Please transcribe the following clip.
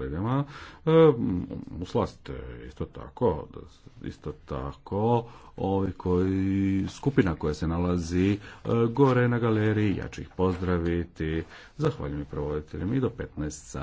kolegama. E, isto tako, isto tako ovi koji, skupina koja se nalazi e, gore na galeriji, ja ću ih pozdraviti. Zahvaljujem provoditeljima i do 15